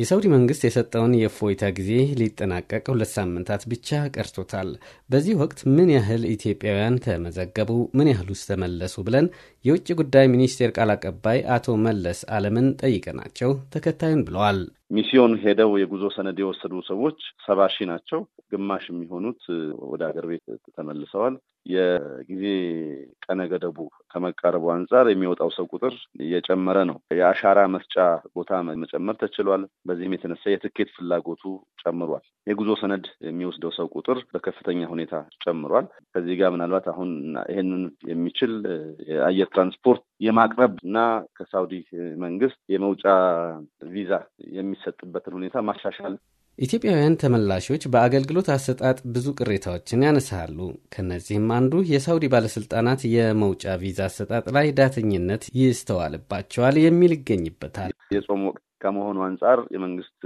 የሳውዲ መንግስት የሰጠውን የእፎይታ ጊዜ ሊጠናቀቅ ሁለት ሳምንታት ብቻ ቀርቶታል። በዚህ ወቅት ምን ያህል ኢትዮጵያውያን ተመዘገቡ? ምን ያህል ውስጥ ተመለሱ? ብለን የውጭ ጉዳይ ሚኒስቴር ቃል አቀባይ አቶ መለስ አለምን ጠይቀናቸው ተከታዩን ብለዋል። ሚስዮን ሄደው የጉዞ ሰነድ የወሰዱ ሰዎች ሰባ ሺህ ናቸው። ግማሽ የሚሆኑት ወደ አገር ቤት ተመልሰዋል። የጊዜ ቀነ ገደቡ ከመቃረቡ አንጻር የሚወጣው ሰው ቁጥር እየጨመረ ነው። የአሻራ መስጫ ቦታ መጨመር ተችሏል። በዚህም የተነሳ የትኬት ፍላጎቱ ጨምሯል። የጉዞ ሰነድ የሚወስደው ሰው ቁጥር በከፍተኛ ሁኔታ ጨምሯል። ከዚህ ጋር ምናልባት አሁን ይህንን የሚችል የአየር ትራንስፖርት የማቅረብ እና ከሳውዲ መንግስት የመውጫ ቪዛ የሚሰጥበትን ሁኔታ ማሻሻል ኢትዮጵያውያን ተመላሾች በአገልግሎት አሰጣጥ ብዙ ቅሬታዎችን ያነሳሉ። ከእነዚህም አንዱ የሳውዲ ባለስልጣናት የመውጫ ቪዛ አሰጣጥ ላይ ዳተኝነት ይስተዋልባቸዋል የሚል ይገኝበታል። የጾም ወቅት ከመሆኑ አንጻር የመንግስት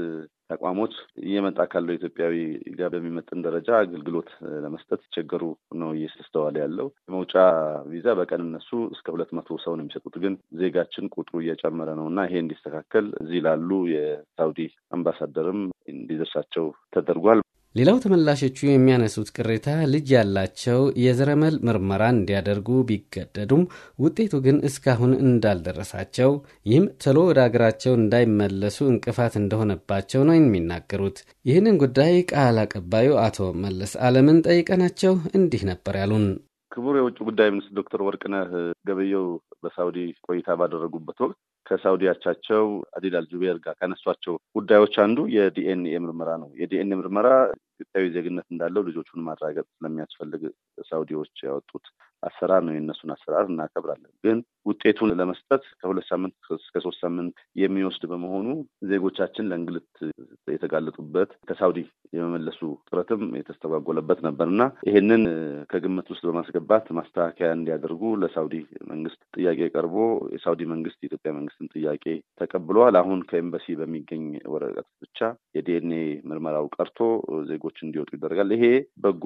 ተቋሞች እየመጣ ካለው ኢትዮጵያዊ ጋር በሚመጥን ደረጃ አገልግሎት ለመስጠት ሲቸገሩ ነው እየተስተዋለ ያለው። የመውጫ ቪዛ በቀን እነሱ እስከ ሁለት መቶ ሰው ነው የሚሰጡት፣ ግን ዜጋችን ቁጥሩ እየጨመረ ነው እና ይሄ እንዲስተካከል እዚህ ላሉ የሳውዲ አምባሳደርም እንዲደርሳቸው ተደርጓል። ሌላው ተመላሾቹ የሚያነሱት ቅሬታ ልጅ ያላቸው የዘረመል ምርመራ እንዲያደርጉ ቢገደዱም ውጤቱ ግን እስካሁን እንዳልደረሳቸው ይህም ቶሎ ወደ አገራቸው እንዳይመለሱ እንቅፋት እንደሆነባቸው ነው የሚናገሩት። ይህንን ጉዳይ ቃል አቀባዩ አቶ መለስ አለምን ጠይቀናቸው እንዲህ ነበር ያሉን። ክቡር የውጭ ጉዳይ ሚኒስትር ዶክተር ወርቅነህ ገበየው በሳውዲ ቆይታ ባደረጉበት ወቅት ከሳውዲ አቻቸው አዲል አልጁቤር ጋር ካነሷቸው ጉዳዮች አንዱ የዲኤንኤ ምርመራ ነው። የዲኤንኤ ምርመራ ኢትዮጵያዊ ዜግነት እንዳለው ልጆቹን ማረጋገጥ ስለሚያስፈልግ ሳውዲዎች ያወጡት አሰራር ነው። የእነሱን አሰራር እናከብራለን። ግን ውጤቱን ለመስጠት ከሁለት ሳምንት እስከ ሶስት ሳምንት የሚወስድ በመሆኑ ዜጎቻችን ለእንግልት የተጋለጡበት ከሳውዲ የመመለሱ ጥረትም የተስተጓጎለበት ነበር እና ይሄንን ከግምት ውስጥ በማስገባት ማስተካከያ እንዲያደርጉ ለሳውዲ መንግስት ጥያቄ ቀርቦ የሳውዲ መንግስት የኢትዮጵያ መንግስትን ጥያቄ ተቀብሏል። አሁን ከኤምባሲ በሚገኝ ወረቀት ብቻ የዲኤንኤ ምርመራው ቀርቶ ዜጎች እንዲወጡ ይደረጋል። ይሄ በጎ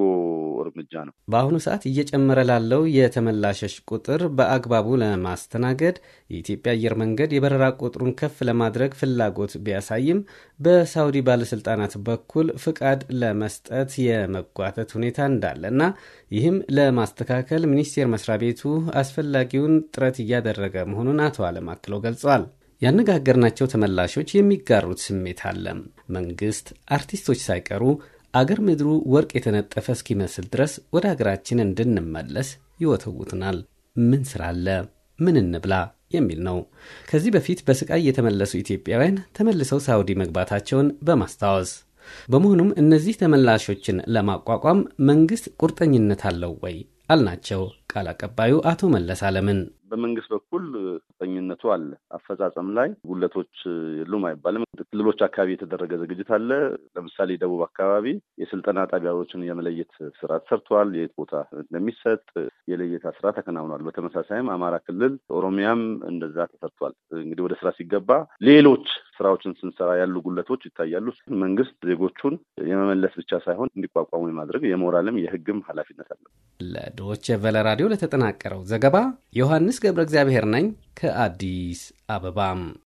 እርምጃ ነው። በአሁኑ ሰዓት እየጨመረ ላለው ያለው የተመላሾች ቁጥር በአግባቡ ለማስተናገድ የኢትዮጵያ አየር መንገድ የበረራ ቁጥሩን ከፍ ለማድረግ ፍላጎት ቢያሳይም በሳውዲ ባለስልጣናት በኩል ፍቃድ ለመስጠት የመጓተት ሁኔታ እንዳለና ይህም ለማስተካከል ሚኒስቴር መስሪያ ቤቱ አስፈላጊውን ጥረት እያደረገ መሆኑን አቶ አለም አክለው ገልጸዋል። ያነጋገርናቸው ተመላሾች የሚጋሩት ስሜት አለም መንግስት አርቲስቶች ሳይቀሩ አገር ምድሩ ወርቅ የተነጠፈ እስኪመስል ድረስ ወደ አገራችን እንድንመለስ ይወተውትናል። ምን ስራ አለ? ምን እንብላ የሚል ነው። ከዚህ በፊት በስቃይ የተመለሱ ኢትዮጵያውያን ተመልሰው ሳውዲ መግባታቸውን በማስታወስ በመሆኑም እነዚህ ተመላሾችን ለማቋቋም መንግስት ቁርጠኝነት አለው ወይ አልናቸው ቃል አቀባዩ አቶ መለስ አለምን። በመንግስት በኩል ቁርጠኝነቱ አለ። አፈጻጸም ላይ ጉለቶች የሉም አይባልም። ክልሎች አካባቢ የተደረገ ዝግጅት አለ። ለምሳሌ ደቡብ አካባቢ የስልጠና ጣቢያዎችን የመለየት ስራ ተሰርቷል። የት ቦታ እንደሚሰጥ የለየታ ስራ ተከናውኗል። በተመሳሳይም አማራ ክልል፣ ኦሮሚያም እንደዛ ተሰርቷል። እንግዲህ ወደ ስራ ሲገባ ሌሎች ስራዎችን ስንሰራ ያሉ ጉለቶች ይታያሉ። መንግስት ዜጎቹን የመመለስ ብቻ ሳይሆን እንዲቋቋሙ የማድረግ የሞራልም የህግም ኃላፊነት አለ። ለዶች ቨለ ራዲዮ ለተጠናቀረው ዘገባ ዮሐንስ ገብረ እግዚአብሔር ነኝ። ከአዲስ አበባም